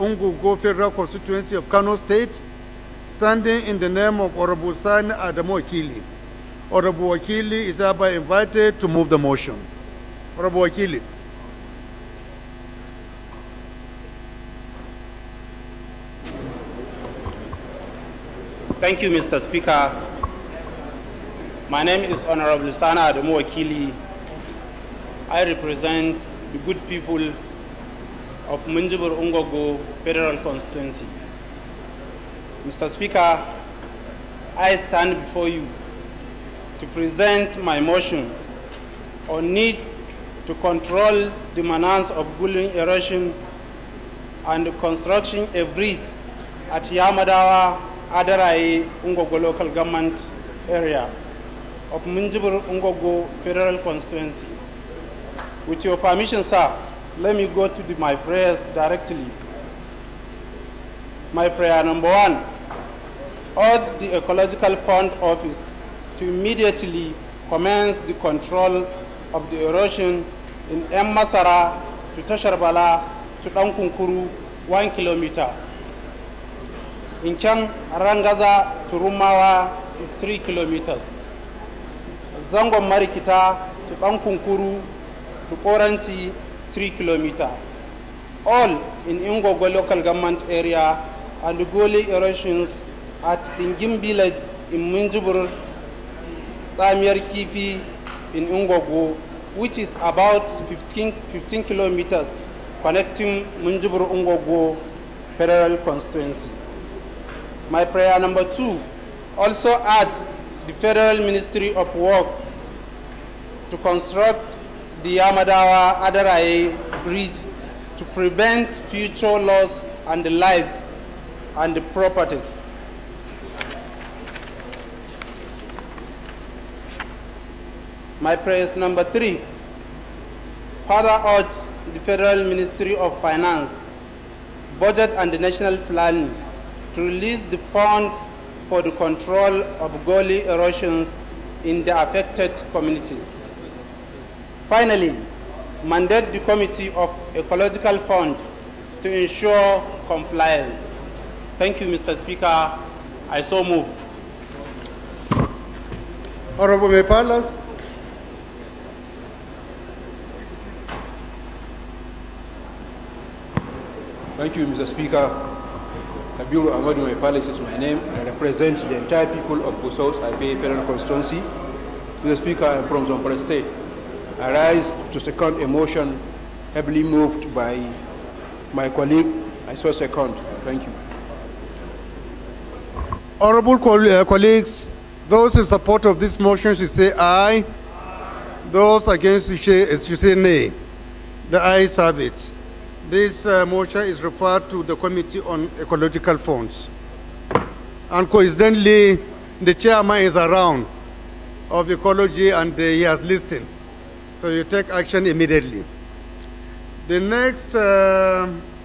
Ungugo Federal Constituency of Kano State, standing in the name of Honorable Sani Adamu Akili. Honorable Akili is hereby invited to move the motion. Honorable Akili. Thank you, Mr. Speaker. My name is Honorable Sana Adamu Akili. I represent the good people of Munjibur Ungogo Federal Constituency. Mr. Speaker, I stand before you to present my motion on need to control the manance of bullying, erosion and construction a bridge at Yamadawa Adaraye Ungogo local government area of Munjibur Ungogo Federal Constituency. With your permission, sir, let me go to the, my prayers directly. My prayer number one urge the Ecological Fund Office to immediately commence the control of the erosion in M. Masara to Tasharbala to Dankunkuru, one kilometer. In Kyan Rangaza to Rumawa is three kilometers. Zangon Marikita to Dankunkuru to Koranti 3 kilometers, all in Ingogo local government area and Goli erosions at Ingim village in Munjubur Samir Kifi in Ingogo, which is about 15, 15 kilometers connecting munjubur Ungogo federal constituency. My prayer number two also adds the Federal Ministry of Works to construct the Yamadawa Adarae Bridge to prevent future loss and the lives and the properties. My prayers number three. Further urge the Federal Ministry of Finance, Budget and the National Plan to release the funds for the control of gully erosions in the affected communities. Finally, mandate the Committee of Ecological Fund to ensure compliance. Thank you, Mr. Speaker. I so move. Honorable Mepalas. Thank you, Mr. Speaker. Abiru Amadou Mepalas is my name. I represent the entire people of Gusau's Ibe Penal Constituency. Mr. Speaker, I am from Zompara State. I rise to second a motion heavily moved by my colleague. I second. Thank you. Honorable co uh, colleagues, those in support of this motion should say aye. aye. Those against should say, uh, should say nay. The ayes have it. This uh, motion is referred to the Committee on Ecological Funds. And coincidentally, the chairman is around of ecology and uh, he has listened. So you take action immediately. The next uh,